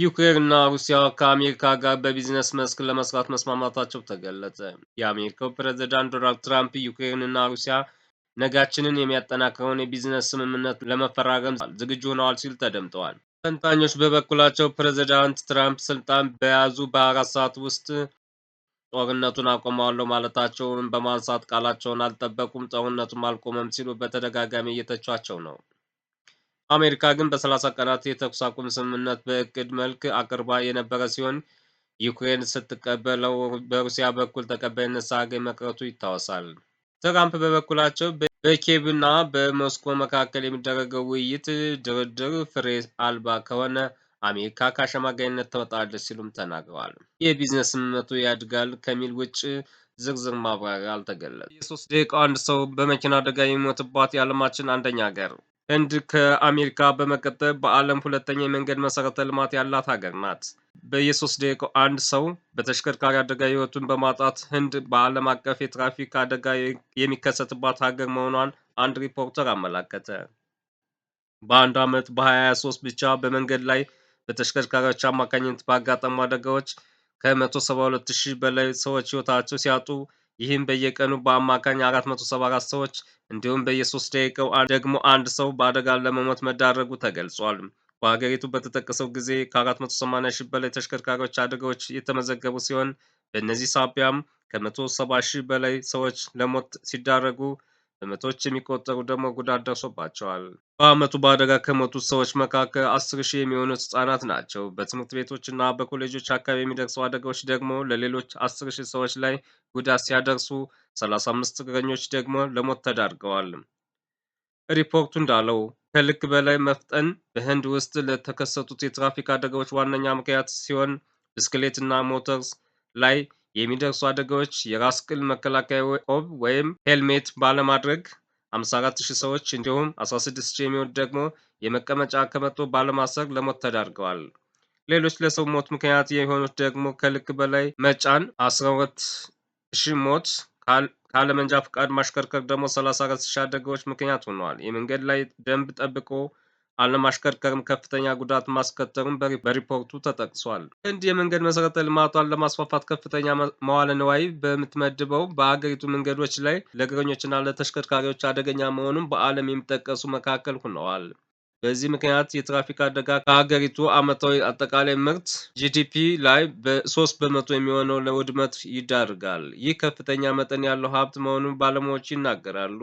ዩክሬንና ሩሲያ ከአሜሪካ ጋር በቢዝነስ መስክ ለመስራት መስማማታቸው ተገለጸ። የአሜሪካው ፕሬዝዳንት ዶናልድ ትራምፕ ዩክሬንና ሩሲያ ነጋችንን የሚያጠናክረውን የቢዝነስ ስምምነት ለመፈራረም ዝግጁ ሆነዋል ሲሉ ተደምጠዋል። ተንታኞች በበኩላቸው ፕሬዝዳንት ትራምፕ ስልጣን በያዙ በአራት ሰዓት ውስጥ ጦርነቱን አቆመዋለሁ ማለታቸውን በማንሳት ቃላቸውን አልጠበቁም፣ ጦርነቱም አልቆመም ሲሉ በተደጋጋሚ እየተቿቸው ነው። አሜሪካ ግን በሰላሳ ቀናት የተኩስ አቁም ስምምነት በእቅድ መልክ አቅርባ የነበረ ሲሆን ዩክሬን ስትቀበለው በሩሲያ በኩል ተቀባይነት ሳያገኝ መቅረቱ ይታወሳል። ትራምፕ በበኩላቸው በኪየቭና በሞስኮ መካከል የሚደረገው ውይይት ድርድር ፍሬ አልባ ከሆነ አሜሪካ ከአሸማጋይነት ትወጣለች ሲሉም ተናግረዋል። የቢዝነስ ስምምነቱ ያድጋል ከሚል ውጭ ዝርዝር ማብራሪያ አልተገለጸም። የሶስት ደቂቃ አንድ ሰው በመኪና አደጋ የሚሞትባት የዓለማችን አንደኛ ሀገር ህንድ ከአሜሪካ በመቀጠል በዓለም ሁለተኛ የመንገድ መሰረተ ልማት ያላት ሀገር ናት። በየሶስት ደቂቃው አንድ ሰው በተሽከርካሪ አደጋ ህይወቱን በማጣት ህንድ በዓለም አቀፍ የትራፊክ አደጋ የሚከሰትባት ሀገር መሆኗን አንድ ሪፖርተር አመላከተ። በአንድ ዓመት በ2023 ብቻ በመንገድ ላይ በተሽከርካሪዎች አማካኝነት ባጋጠሙ አደጋዎች ከ172 ሺህ በላይ ሰዎች ህይወታቸው ሲያጡ ይህም በየቀኑ በአማካኝ 474 ሰዎች እንዲሁም በየሶስት ደቂቃው ደግሞ አንድ ሰው በአደጋ ለመሞት መዳረጉ ተገልጿል። በሀገሪቱ በተጠቀሰው ጊዜ ከ480 ሺህ በላይ ተሽከርካሪዎች አደጋዎች የተመዘገቡ ሲሆን በእነዚህ ሳቢያም ከ170 ሺህ በላይ ሰዎች ለሞት ሲዳረጉ በመቶዎች የሚቆጠሩ ደግሞ ጉዳት ደርሶባቸዋል። በዓመቱ በአደጋ ከሞቱት ሰዎች መካከል አስር ሺህ የሚሆኑት ህጻናት ናቸው። በትምህርት ቤቶችና በኮሌጆች አካባቢ የሚደርሱ አደጋዎች ደግሞ ለሌሎች አስር ሺህ ሰዎች ላይ ጉዳት ሲያደርሱ 35 እግረኞች ደግሞ ለሞት ተዳርገዋል። ሪፖርቱ እንዳለው ከልክ በላይ መፍጠን በህንድ ውስጥ ለተከሰቱት የትራፊክ አደጋዎች ዋነኛ ምክንያት ሲሆን ብስክሌት እና ሞተርስ ላይ የሚደርሱ አደጋዎች የራስ ቅል መከላከያ ኦብ ወይም ሄልሜት ባለማድረግ 54000 ሰዎች እንዲሁም 16000 የሚሆኑ ደግሞ የመቀመጫ ቀበቶ ባለማሰር ለሞት ተዳርገዋል። ሌሎች ለሰው ሞት ምክንያት የሆኑት ደግሞ ከልክ በላይ መጫን 12000 ሞት ካለመንጃ ፈቃድ ማሽከርከር ደግሞ 34000 አደጋዎች ምክንያት ሆነዋል። የመንገድ ላይ ደንብ ጠብቆ አለማሽከርከርም ከፍተኛ ጉዳት ማስከተሩም በሪፖርቱ ተጠቅሷል። ህንድ የመንገድ መሰረተ ልማቷን ለማስፋፋት ከፍተኛ መዋለ ንዋይ በምትመድበው በሀገሪቱ መንገዶች ላይ ለእግረኞችና ለተሽከርካሪዎች አደገኛ መሆኑን በዓለም የሚጠቀሱ መካከል ሆነዋል። በዚህ ምክንያት የትራፊክ አደጋ ከሀገሪቱ ዓመታዊ አጠቃላይ ምርት ጂዲፒ ላይ በሶስት በመቶ የሚሆነው ለውድመት ይዳርጋል። ይህ ከፍተኛ መጠን ያለው ሀብት መሆኑን ባለሙያዎች ይናገራሉ።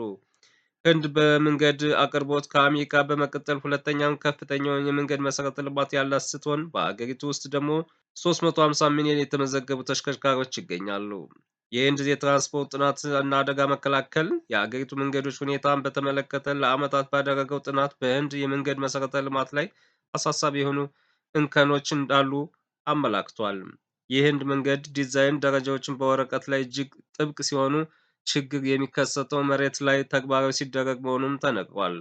ህንድ በመንገድ አቅርቦት ከአሜሪካ በመቀጠል ሁለተኛውን ከፍተኛውን የመንገድ መሰረተ ልማት ያላት ስትሆን በአገሪቱ ውስጥ ደግሞ 350 ሚሊዮን የተመዘገቡ ተሽከርካሪዎች ይገኛሉ። የህንድ የትራንስፖርት ጥናት እና አደጋ መከላከል የአገሪቱ መንገዶች ሁኔታን በተመለከተ ለዓመታት ባደረገው ጥናት በህንድ የመንገድ መሰረተ ልማት ላይ አሳሳቢ የሆኑ እንከኖች እንዳሉ አመላክቷል። የህንድ መንገድ ዲዛይን ደረጃዎችን በወረቀት ላይ እጅግ ጥብቅ ሲሆኑ ችግር የሚከሰተው መሬት ላይ ተግባራዊ ሲደረግ መሆኑም ተነግሯል።